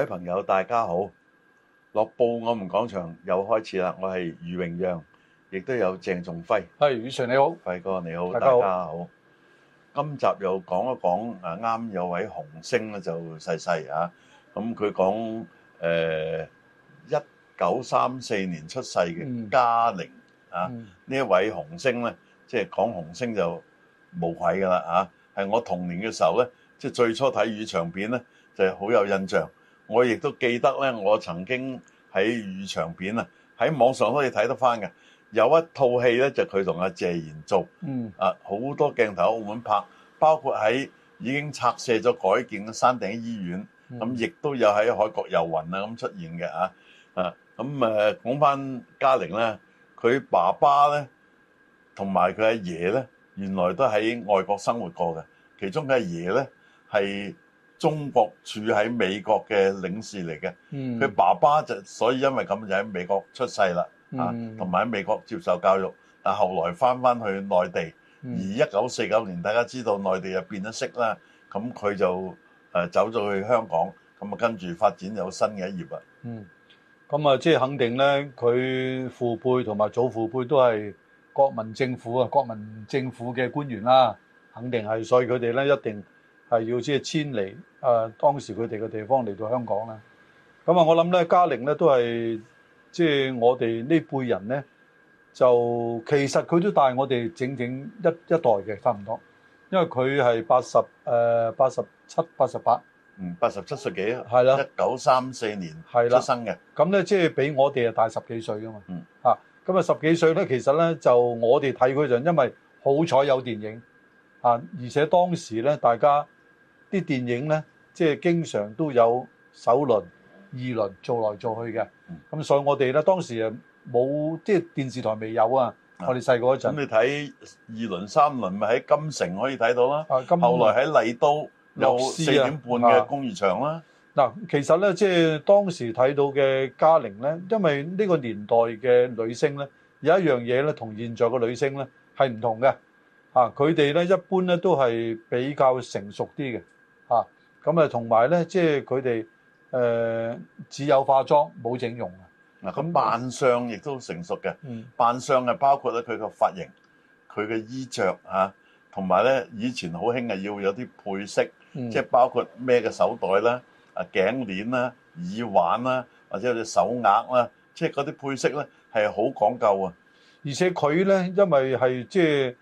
各位朋友，大家好。樂報，我們講場又開始啦。我係余榮讓，亦都有鄭仲輝。係宇 Sir 你好，輝哥你好，大家好。今集又講一講啊，啱有位紅星咧，就細細啊。咁佢講誒，一九三四年出世嘅嘉玲啊呢一位紅星咧，即係講紅星就無愧噶啦啊。係我童年嘅時候咧，即係最初睇粵語長片咧，就係好有印象。我亦都記得咧，我曾經喺預場片啊，喺網上都可以睇得翻嘅。有一套戲咧，就佢同阿謝賢做，啊好、嗯、多鏡頭喺澳門拍，包括喺已經拆卸咗改建嘅山頂醫院，咁亦都有喺海角遊魂啊，咁出現嘅啊啊，咁誒講翻嘉玲咧，佢爸爸咧同埋佢阿爺咧，原來都喺外國生活過嘅，其中嘅阿爺咧係。是中國駐喺美國嘅領事嚟嘅，佢、嗯、爸爸就所以因為咁就喺美國出世啦，嗯、啊，同埋喺美國接受教育，但、啊、後來翻翻去內地，嗯、而一九四九年大家知道內地又變咗色啦，咁佢就誒、呃、走咗去香港，咁啊跟住發展有新嘅一頁啊。嗯，咁啊即係肯定咧，佢父輩同埋祖父輩都係國民政府啊，國民政府嘅官員啦，肯定係，所以佢哋咧一定。係要即係千里，啊當時佢哋嘅地方嚟到香港啦。咁啊，呢我諗咧嘉玲咧都係即係我哋呢輩人咧，就其實佢都大我哋整整一一代嘅差唔多，因為佢係八十誒、呃、八十七八十八，嗯八十七歲幾係啦，一九三四年出生嘅。咁咧即係比我哋啊大十幾歲噶嘛。嗯嚇咁啊那十幾歲咧，其實咧就我哋睇佢就因為好彩有電影啊，而且當時咧大家。啲電影咧，即係經常都有首輪、二輪做來做去嘅。咁所以我哋咧當時啊冇即係電視台未有啊，我哋細個嗰陣。咁你睇二輪、三輪咪喺金城可以睇到啦。啊，金城。後來喺麗都有四點半嘅公餘場啦。嗱，其實咧即係當時睇到嘅嘉玲咧，因為呢個年代嘅女星咧有一樣嘢咧同現在嘅女星咧係唔同嘅，啊，佢哋咧一般咧都係比較成熟啲嘅。啊，咁啊，同埋咧，即係佢哋誒只有化妝冇整容啊。嗱，咁扮相亦都成熟嘅。嗯，扮相係包括咧佢個髮型、佢嘅衣着，啊，同埋咧以前好興啊，要有啲配飾，嗯、即係包括咩嘅手袋啦、啊頸鏈啦、耳環啦，或者有隻手鐲啦，即係嗰啲配飾咧係好講究啊。而且佢咧，因為係即係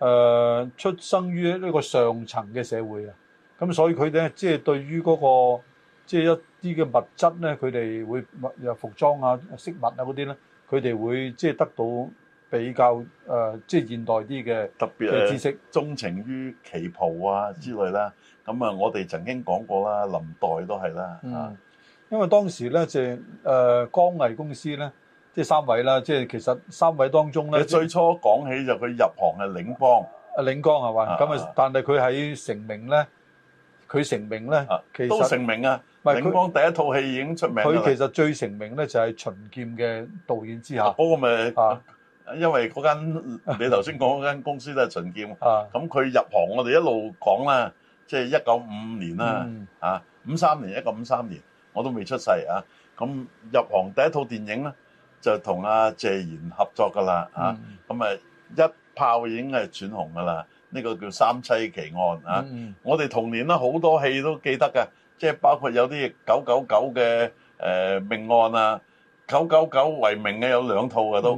誒出生於呢個上層嘅社會啊。咁所以佢哋，即、就、係、是、對於嗰、那個即係、就是、一啲嘅物質咧，佢哋會物又服裝啊、飾物啊嗰啲咧，佢哋會即係、就是、得到比較即係、呃就是、現代啲嘅特別嘅知識。鍾情於旗袍啊之類啦。咁啊，我哋曾經講過啦，林代都係啦。嗯、因為當時咧就誒、是、光、呃、藝公司咧，即係三位啦，即係其實三位當中咧。最初講起就佢、是就是、入行係領邦，領啊，嶺江係嘛？咁是啊，但係佢喺成名咧。佢成名咧，都成名啊！唔係佢講第一套戲已經出名。佢其實最成名咧就係秦劍嘅導演之下。嗰個咪啊，因為嗰間你頭先講嗰間公司都係秦劍。啊，咁佢入行我哋一路講啦，即係一九五五年啦，啊五三年一九五三年，我都未出世啊。咁入行第一套電影咧，就同阿謝賢合作㗎啦。啊，咁啊一炮已經係轉紅㗎啦。呢個叫三妻奇案啊！我哋童年咧好多戲都記得㗎，即係包括有啲九九九嘅誒命案啊，九九九為名嘅有兩套嘅都。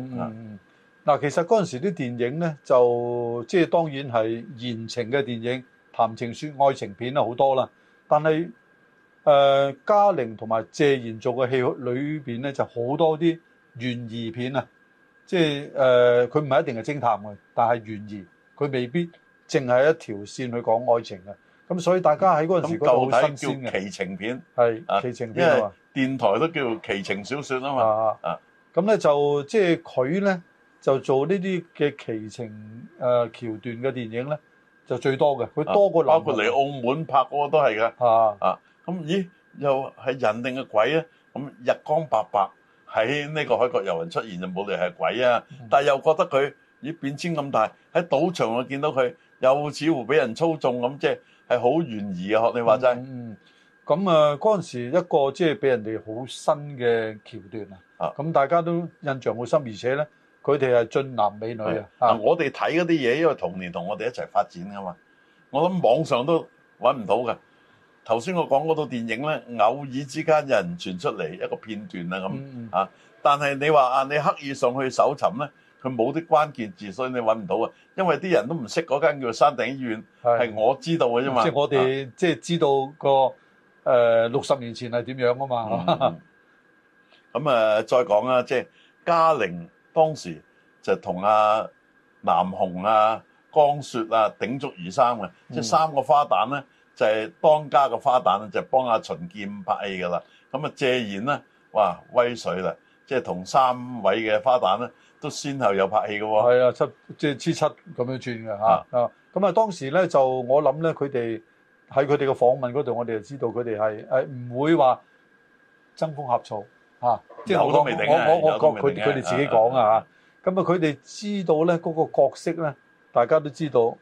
嗱，其實嗰陣時啲電影咧，就即係當然係言情嘅電影、談情説愛情片啦好多啦。但係誒嘉玲同埋謝賢做嘅戲裏邊咧，就好多啲懸疑片啊！即係誒佢唔係一定係偵探嘅，但係懸疑佢未必。淨係一條線去講愛情嘅，咁所以大家喺嗰陣時覺得好新鮮嘅。奇情片係奇情片電、啊、因為電台都叫奇情小説啊嘛。咁咧就即係佢咧就做呢啲嘅奇情誒、啊、橋段嘅電影咧，就最多嘅。佢多過包括嚟澳門拍嗰個都係嘅。啊咁、啊、咦又係人定嘅鬼呀？咁日光白白喺呢個海角遊人出現就冇理由係鬼啊！嗯、但又覺得佢咦、呃、變遷咁大，喺賭場我見到佢，又似乎俾人操縱咁，即係係好懸疑嘅學你話齋、嗯。嗯，咁啊嗰陣時一個即係俾人哋好新嘅橋段啊。啊，咁大家都印象好深，而且咧佢哋係俊男美女啊。嗯、是啊，我哋睇嗰啲嘢，因為童年同我哋一齊發展嘅嘛。我諗網上都揾唔到嘅。頭先我講嗰套電影咧，偶爾之間有人傳出嚟一個片段啊咁啊，嗯、但係你話啊，你刻意上去搜尋咧？佢冇啲關鍵字，所以你揾唔到啊！因為啲人都唔識嗰間叫山頂醫院，係是我知道嘅啫嘛。啊、即係我哋即係知道個誒六十年前係點樣啊嘛。咁啊，再講啊，即係嘉玲當時就同阿、啊、南紅啊、江雪啊鼎足而三嘅，即係、嗯、三個花旦咧就係、是、當家嘅花旦咧就幫、是、阿、啊、秦劍拍戲嘅啦。咁、嗯、啊，謝賢咧哇威水啦！即係同三位嘅花旦咧，都先後有拍戲嘅喎、哦。係啊，七即係七七咁樣轉嘅啊。咁啊，當時咧就我諗咧，佢哋喺佢哋嘅訪問嗰度，我哋就知道佢哋係唔會話爭風呷醋。即係好多未定我自未定啊！咁啊，佢哋、啊、知道咧嗰、嗰個角色咧，大家都知道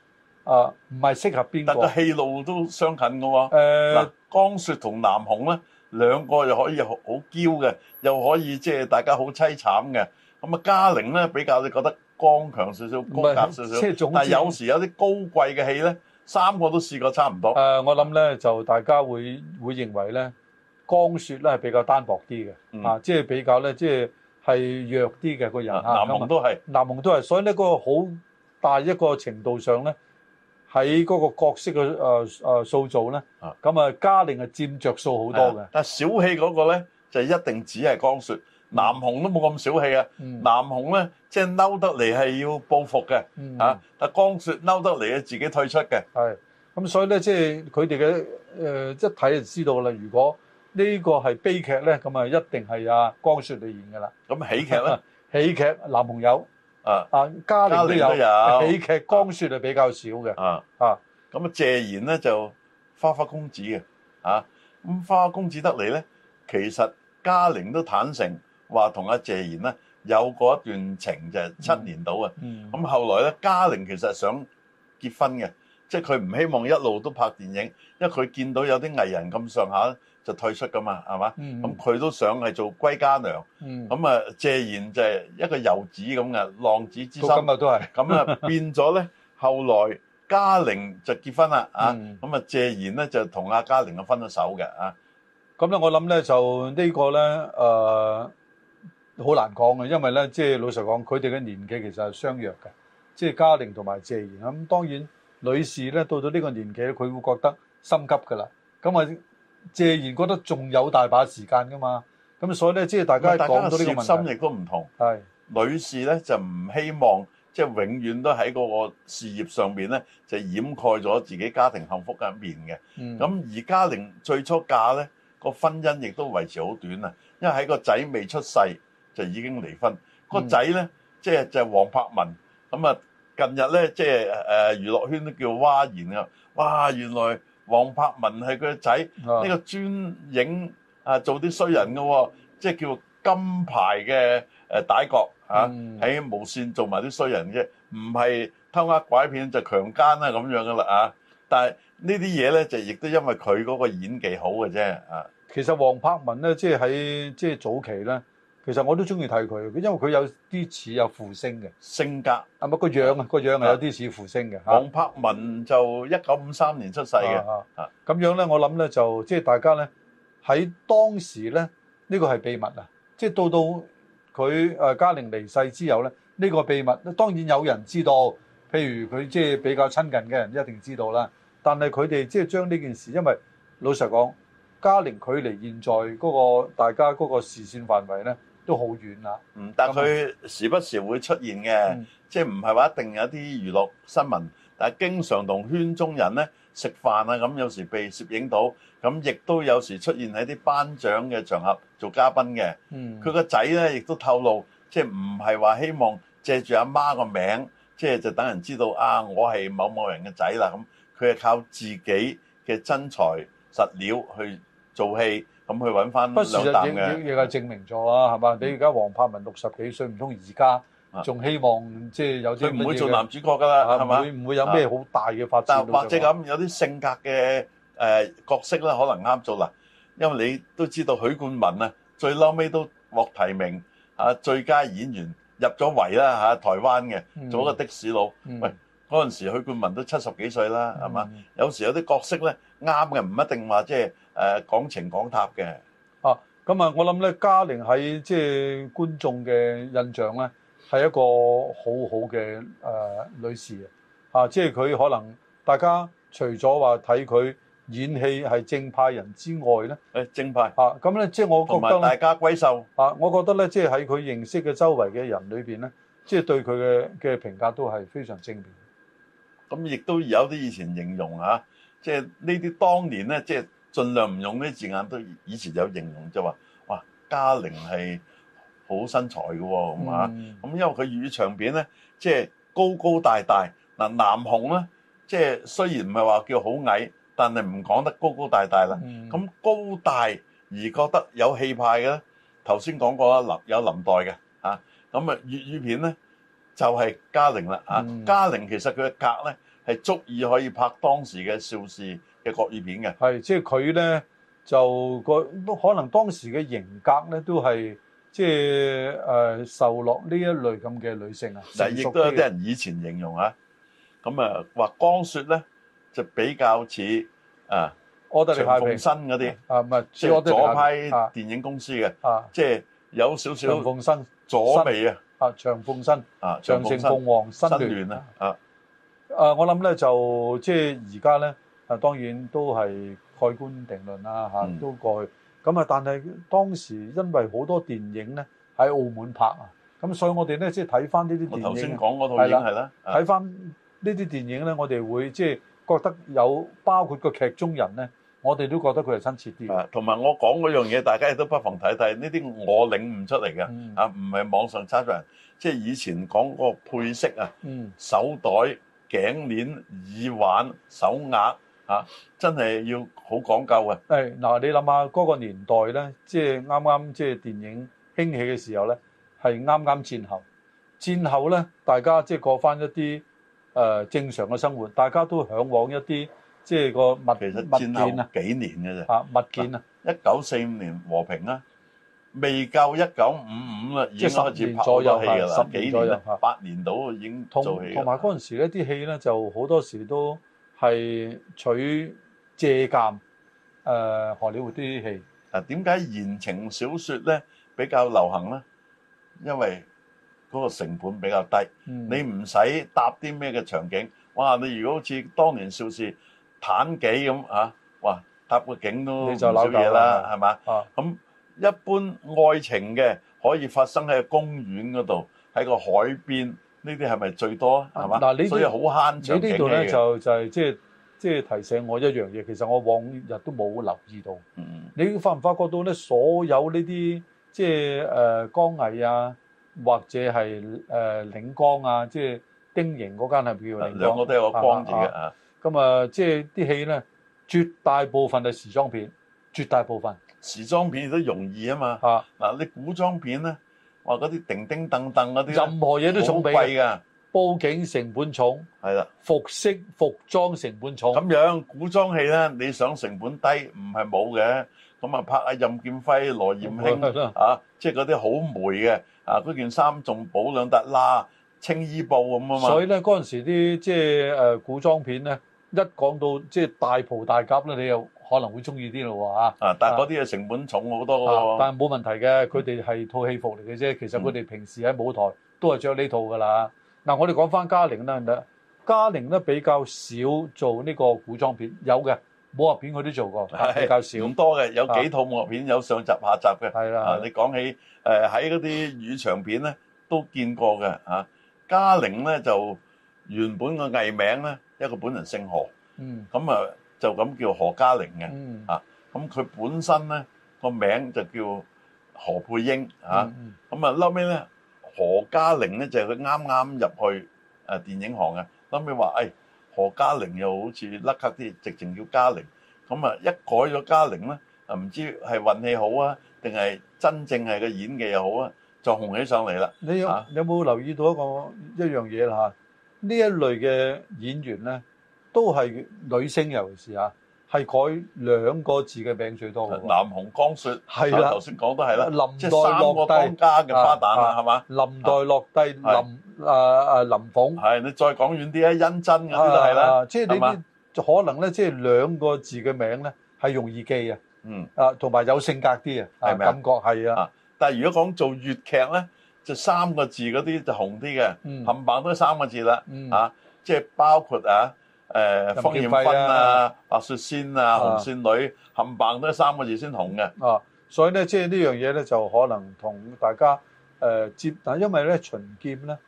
啊，唔係適合邊個戲路都相近㗎喎、呃啊。江雪同南紅咧。兩個又可以好好嬌嘅，又可以即係大家好凄慘嘅。咁啊，嘉玲咧比較你覺得剛強少少、高格少少，即係總之但係有時有啲高貴嘅戲咧，三個都試過差唔多。誒、呃，我諗咧就大家會會認為咧，江雪咧係比較單薄啲嘅，嗯、啊，即係比較咧即係係弱啲嘅個人。南紅都係、啊，南紅都係，所以呢個好大一個程度上咧。喺嗰個角色嘅誒誒塑造咧，咁啊嘉玲係佔着數好多嘅、啊。但小氣嗰個咧就一定只係江雪，嗯、南紅都冇咁小氣啊。嗯、南紅咧即係嬲得嚟係要報復嘅，嚇、嗯啊。但江雪嬲得嚟啊自己退出嘅。係咁所以咧即係佢哋嘅誒一睇就知道啦。如果這個是呢個係悲劇咧，咁啊一定係阿江雪嚟演嘅啦。咁喜劇咧？ 喜劇男朋友。南紅有啊！啊，嘉玲都有，都有喜劇，光説係比較少嘅。啊啊，咁啊，啊謝賢咧就花花公子嘅嚇。咁、啊、花花公子得嚟咧，其實嘉玲都坦承話同阿謝賢咧有過一段情，就係七年到啊。咁、嗯嗯、後來咧，嘉玲其實係想結婚嘅，即係佢唔希望一路都拍電影，因為佢見到有啲藝人咁上下。就退出噶嘛，係嘛？咁佢都想係做歸家娘，咁啊，謝賢就係一個遊子咁嘅浪子之心。今日都係咁啊，變咗咧。後來嘉玲就結婚啦啊，咁啊，謝賢咧就同阿嘉玲啊分咗手嘅啊。咁咧，我諗咧就呢個咧誒好難講嘅，因為咧即係老實講，佢哋嘅年紀其實係相若嘅，即係嘉玲同埋謝賢咁。當然女士咧到咗呢個年紀咧，佢會覺得心急噶啦。咁我。謝賢覺得仲有大把時間㗎嘛，咁所以咧，即、就、係、是、大家講到呢個心亦都唔同。係是女士咧就唔希望即係、就是、永遠都喺嗰個事業上面咧，就掩蓋咗自己家庭幸福嘅一面嘅。咁、嗯、而嘉玲最初嫁咧個婚姻亦都維持好短啊，因為喺個仔未出世就已經離婚。那個仔咧即係就黃、是就是、柏文咁啊，近日咧即係誒娛樂圈都叫蛙言啊，哇原來～黃柏文係佢個仔，呢、啊、個專影啊做啲衰人噶，即、啊、係叫金牌嘅誒歹角啊，喺、嗯哎、無線做埋啲衰人嘅，唔係偷呃拐騙就強、是、奸啦咁樣噶啦啊！但係呢啲嘢咧就亦都因為佢嗰個演技好嘅啫啊。其實黃柏文咧即係喺即係早期咧。其實我都中意睇佢，因為佢有啲似有負星嘅性格，係咪個樣啊？個樣係有啲似負星嘅。王柏文就一九五三年出世嘅，咁樣咧，我諗咧就即係大家咧喺當時咧呢個係秘密啊！即係到到佢誒嘉玲離世之後咧，呢個秘密當然有人知道，譬如佢即係比較親近嘅人一定知道啦。但係佢哋即係將呢件事，因為老實講，嘉玲距離現在嗰個大家嗰個視線範圍咧，都好遠啦。嗯，但佢時不時會出現嘅，嗯、即係唔係話一定有啲娛樂新聞，但係經常同圈中人咧食飯啊，咁有時被攝影到，咁亦都有時出現喺啲頒獎嘅場合做嘉賓嘅。嗯，佢個仔咧亦都透露，即係唔係話希望借住阿媽個名，即係就等人知道啊，我係某某人嘅仔啦。咁佢係靠自己嘅真材實料去做戲。咁去揾翻兩啖嘅。不過事實證明咗啦，係嘛？嗯、你而家黃柏文六十幾歲，唔通而家仲希望、啊、即係有啲？佢唔會做男主角㗎啦，係嘛？唔唔、啊、會，會有咩好大嘅發展？啊、但或者咁有啲性格嘅誒、呃、角色咧，可能啱做啦。因為你都知道許冠文呢、啊，最嬲尾都獲提名啊，最佳演員入咗圍啦，台灣嘅做一個的士佬。嗯嗯、喂，嗰陣時許冠文都七十幾歲啦，係嘛？嗯、有時有啲角色咧。啱嘅，唔一定話即係誒講情講塔嘅。哦，咁啊，我諗咧嘉玲喺即係觀眾嘅印象咧，係一個好好嘅誒女士啊！即係佢可能大家除咗話睇佢演戲係正派人之外咧，誒正派啊！咁咧即係我覺得咧，同埋大家閨秀啊！我覺得咧，即係喺佢認識嘅周圍嘅人裏邊咧，即係對佢嘅嘅評價都係非常正面。咁亦都有啲以前形容嚇。啊即係呢啲當年咧，即係盡量唔用呢字眼，都以前有形容就話：哇，嘉玲係好身材嘅喎、啊，咁咁、嗯、因為佢粵語長片咧，即係高高大大嗱，南紅咧，即係雖然唔係話叫好矮，但係唔講得高高大大啦。咁、嗯、高大而覺得有氣派嘅咧，頭先講過啦，林有林黛嘅吓咁啊、嗯、粵語片咧。就係嘉玲啦嚇，啊嗯、嘉玲其實佢嘅格咧，係足以可以拍當時嘅邵氏嘅國語片嘅。係，即係佢咧就個可能當時嘅型格咧都係即係誒、呃、受落呢一類咁嘅女性啊。嗱，亦都有啲人以前形容啊，咁啊話江雪咧就比較似啊，柯德莉夏萍嗰啲啊，唔係左派電影公司嘅，啊啊、即係有少少夏萍左味啊。啊啊啊！長鳳新啊！長城鳳凰新聯啊！啊！我諗咧就即係而家咧啊，當然都係蓋棺定論啦嚇，都過去咁啊。但係當時因為好多電影咧喺澳門拍啊，咁所以我哋咧即係睇翻呢啲電影。我頭先講嗰套已經係啦，睇翻呢啲電影咧，我哋會即係覺得有包括個劇中人咧。我哋都覺得佢係親切啲，同埋我講嗰樣嘢，大家亦都不妨睇睇呢啲我領悟出嚟嘅，啊唔係網上抄人，即係以前講嗰個配飾啊，手袋、頸鏈、耳環、手鐲，嚇，真係要好講究嘅。嗱，你諗下嗰個年代咧，即係啱啱即係電影興起嘅時候咧，係啱啱戰後，戰後咧大家即係過返一啲誒正常嘅生活，大家都嚮往一啲。即係個物件啊！其實幾年嘅啫啊！物件啊！一九四五年和平啦，未夠一九五五啦，已經開始拍戲㗎啦。十幾年啦，八年到已經做戲啦。同埋嗰陣時咧，啲戲咧就好多時都係取借鑑誒荷里活啲戲。嗱，點解言情小説咧比較流行咧？因為嗰個成本比較低，你唔使搭啲咩嘅場景。哇！你如果好似當年邵氏。棒幾咁嚇？哇！搭個景都唔少嘢啦，係嘛？咁一般愛情嘅可以發生喺公園嗰度，喺個海邊，呢啲係咪最多係嘛？嗱，呢啲所以好慳場景嘅。你呢度咧就就係即係即係提醒我一樣嘢，其實我往日都冇留意到。嗯，你發唔發覺到咧？所有呢啲即係誒光藝啊，或者係誒嶺光啊，即係丁營嗰間係叫嶺光。兩個都有個光字嘅啊。咁啊，即係啲戲咧，絕大部分係時裝片，絕大部分時裝片亦都容易嘛啊嘛嚇。嗱、啊、你古裝片咧，哇嗰啲叮叮噹噹嗰啲，任何嘢都重貴，貴㗎，佈景成本重，係啦、啊，服飾服，服裝成本重。咁樣古裝戲咧，你想成本低唔係冇嘅。咁啊拍阿任劍輝、羅艷卿啊，即係嗰啲好霉嘅啊，嗰、就是啊、件衫仲補兩笪啦，青、啊、衣布咁啊嘛。所以咧嗰陣時啲即係誒古裝片咧。一講到即係大袍大甲咧，你又可能會中意啲咯喎啊，但係嗰啲嘢成本重好多喎、啊。但係冇問題嘅，佢哋係套戲服嚟嘅啫。其實佢哋平時喺舞台都係着呢套㗎啦。嗱、嗯啊，我哋講翻嘉玲啦，嘉玲咧比較少做呢個古裝片，有嘅武俠片佢都做過，的比較少。咁多嘅，有幾套武俠片、啊、有上集下集嘅。係啦的、啊，你講起誒喺嗰啲語長片咧都見過嘅嚇，嘉玲咧就。原本個藝名咧，一個本人姓何，咁啊就咁叫何嘉玲嘅，啊咁佢本身咧個名就叫何佩英，嚇咁啊後尾咧何嘉玲咧就係佢啱啱入去誒電影行嘅。後尾話誒何嘉玲又好似叻啲，直情叫嘉玲，咁啊一改咗嘉玲咧啊唔知係運氣好啊，定係真正係個演技又好啊，就紅起上嚟啦。你有有冇留意到一個一樣嘢啦？嚇！呢一類嘅演員咧，都係女星尤其是啊，係改兩個字嘅名最多嘅。南紅、江雪係啦，頭先講都係啦。林黛、樂蒂啊，林黛、樂蒂、林啊啊林鳳。係你再講遠啲啊，恩真咁都係啦。即係你啲可能咧，即係兩個字嘅名咧，係容易記啊。嗯啊，同埋有性格啲啊，感覺係啊。但係如果講做粵劇咧。就三個字嗰啲就紅啲嘅，冚棒、嗯、都三個字啦。嗯、啊，即、就、係、是、包括啊，誒芳艷芬啊、白雪仙啊、紅線女，冚棒都三個字先紅嘅。啊，所以咧，即、就、係、是、呢樣嘢咧，就可能同大家誒、呃、接，但係因為咧秦劍咧，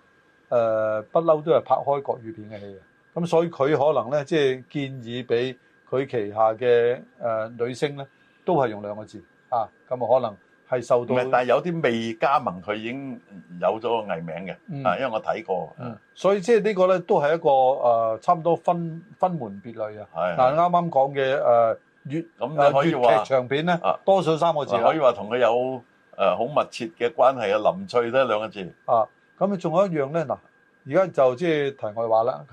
誒不嬲都係拍開國語片嘅戲嘅，咁所以佢可能咧，即、就、係、是、建議俾佢旗下嘅誒、呃、女星咧，都係用兩個字啊，咁啊可能。係受到，但係有啲未加盟，佢已經有咗個藝名嘅，啊，因為我睇過，所以即係呢個咧都係一個誒，差唔多分分門別類啊。嗱，啱啱講嘅誒，粵咁啊，粵劇長片咧，多數三個字，可以話同佢有誒好密切嘅關係啊。林翠咧兩個字啊，咁啊仲有一樣咧，嗱，而家就即係題外話啦。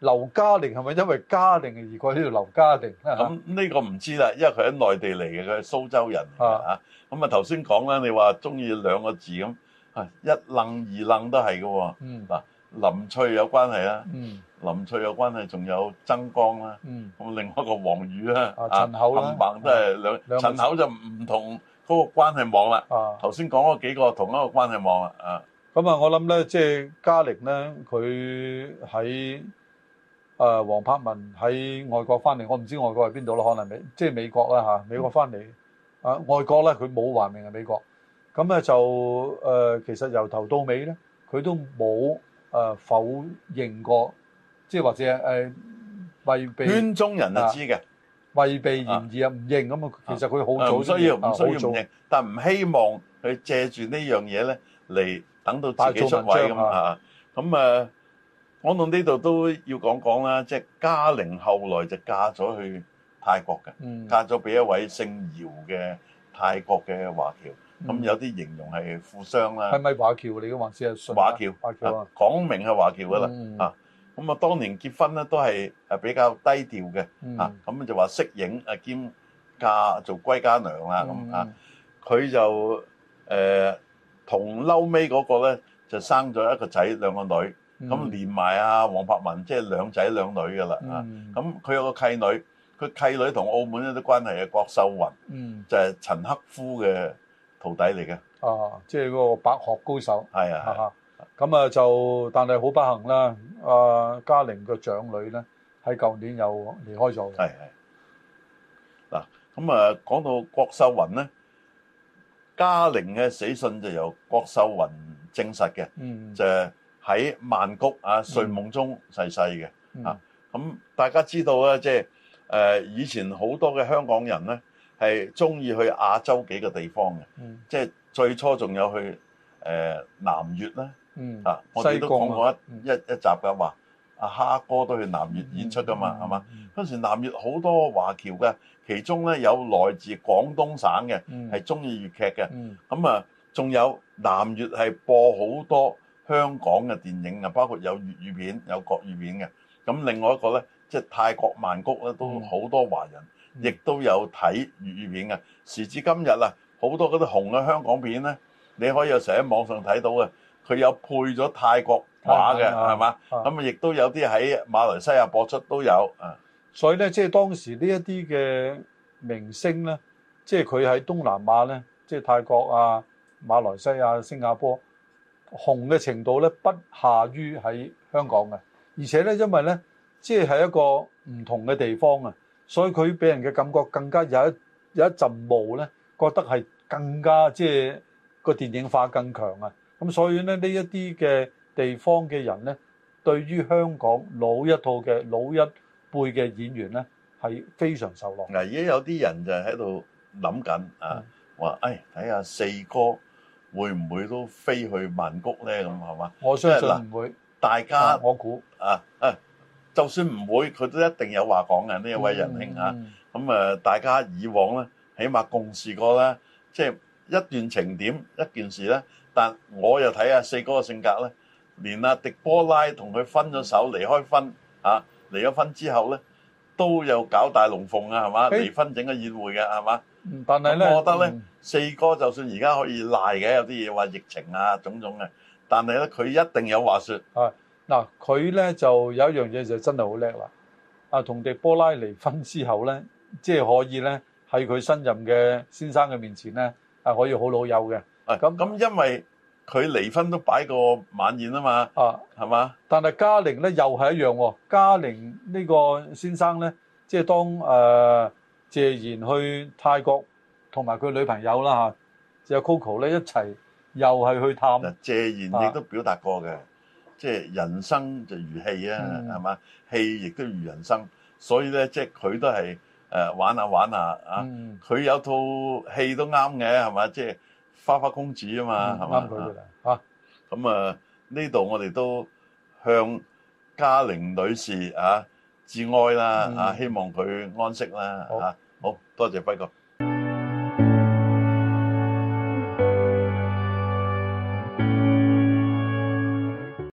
劉嘉玲係咪因為嘉玲而改呢度？劉嘉玲咁呢個唔知啦，因為佢喺內地嚟嘅，佢係蘇州人嚇。咁啊，頭先講啦，你話中意兩個字咁啊、哎，一愣二愣都係嘅。嗱、嗯啊，林翠有關係啦，嗯、林翠有關係，仲有曾江啦，咁、嗯、另外一個黃宇啦，陳厚啦，陳啊、陳厚就唔同嗰個關係網啦。頭先講嗰幾個同一個關係網啦。啊，咁啊，啊我諗咧，即係嘉玲咧，佢喺。誒黃柏文喺外國翻嚟，我唔知外國係邊度咯，可能美即係美國啦嚇，美國翻嚟，誒外國咧佢冇話明係美國，咁咧就誒其實由頭到尾咧，佢都冇誒否認過，即係或者誒為避圈中人啊知嘅，為避嫌疑啊唔認咁啊，其實佢好早需要唔需要唔認，但唔希望佢借住呢樣嘢咧嚟等到自己出位咁啊，咁誒。我諗呢度都要講講啦，即係嘉玲後來就嫁咗去泰國嘅，嗯、嫁咗俾一位姓姚嘅泰國嘅華僑，咁、嗯、有啲形容係富商啦。係咪華僑你嘅，話先係華僑？華僑僑。華僑講明係華僑噶啦啊！咁啊，嗯、啊當年結婚咧都係比較低調嘅、嗯、啊，咁就話息影啊兼嫁做歸家娘啦咁、嗯、啊，佢就誒同後尾嗰個咧就生咗一個仔兩個女。咁連埋啊，黃柏文即係兩仔兩女嘅啦嚇。咁佢有個契女，佢契女同澳門有啲關係嘅郭秀雲，就係陳克夫嘅徒弟嚟嘅。啊，即係嗰個白鶴高手。係啊，咁啊就但係好不幸啦。阿嘉玲嘅長女咧，喺舊年又離開咗嘅。係係。嗱，咁啊講到郭秀雲咧，嘉玲嘅死訊就由郭秀雲證實嘅，就係。喺曼谷啊，睡夢中逝世嘅啊，咁、嗯嗯、大家知道咧，即係誒以前好多嘅香港人咧係中意去亞洲幾個地方嘅，即係、嗯、最初仲有去誒、呃、南越啦，啊，嗯、我哋都講過一一,一,一集嘅話，阿、啊、蝦哥都去南越演出㗎嘛，係嘛？嗰時南越好多華僑嘅，其中咧有來自廣東省嘅，係中意粵劇嘅，咁、嗯嗯、啊，仲有南越係播好多。香港嘅電影啊，包括有粵語片、有國語片嘅。咁另外一個咧，即係泰國曼谷咧，都好多華人，亦、嗯、都有睇粵語片嘅。時至今日啊，好多嗰啲紅嘅香港片咧，你可以有成日喺網上睇到嘅，佢有配咗泰國話嘅，係嘛？咁啊，亦都吧、啊、有啲喺馬來西亞播出都有啊。所以咧，即係當時呢一啲嘅明星咧，即係佢喺東南亞咧，即係泰國啊、馬來西亞、新加坡。紅嘅程度咧，不下於喺香港嘅，而且咧因為咧即係一個唔同嘅地方啊，所以佢俾人嘅感覺更加有一有一陣霧咧，覺得係更加即係個電影化更強啊，咁所以咧，呢一啲嘅地方嘅人咧，對於香港老一套嘅老一輩嘅演員咧係非常受落。嗱，而家有啲人就喺度諗緊啊，話誒睇下四哥。會唔會都飛去曼谷呢？咁係嘛？我相信唔會。大家我估啊啊，就算唔會，佢都一定有話講嘅呢一位仁兄啊。咁啊，大家以往呢，起碼共事過啦，即係一段情點一件事呢。但我又睇下四哥嘅性格呢，連阿迪波拉同佢分咗手，離開婚啊，離咗婚之後呢，都有搞大龍鳳啊，係嘛？離婚整個宴會嘅係嘛？但係咧，我覺得咧，四哥就算而家可以賴嘅，有啲嘢話疫情啊，種種嘅。但係咧，佢一定有話説。啊，嗱，佢咧就有一樣嘢就真係好叻啦。啊，同迪波拉離婚之後咧，即係可以咧，喺佢新任嘅先生嘅面前咧，係可以好老友嘅。啊，咁咁，因為佢離婚都擺過晚宴啊嘛。啊，係嘛？但係嘉玲咧又係一樣喎。嘉玲呢個先生咧，即係當誒。謝賢去泰國同埋佢女朋友啦嚇，有、啊、Coco 咧一齊又係去探。謝賢亦都表達過嘅，啊、即係人生就如戲啊，係嘛、嗯？戲亦都如人生，所以咧即係佢都係誒、呃、玩下玩下啊。佢、嗯啊、有一套戲都啱嘅係嘛？即係花花公子啊嘛，係嘛、嗯？啱佢嘅。咁啊呢度、啊、我哋都向嘉玲女士啊。致哀啦，啊，希望佢安息啦，啊好，好多謝輝哥。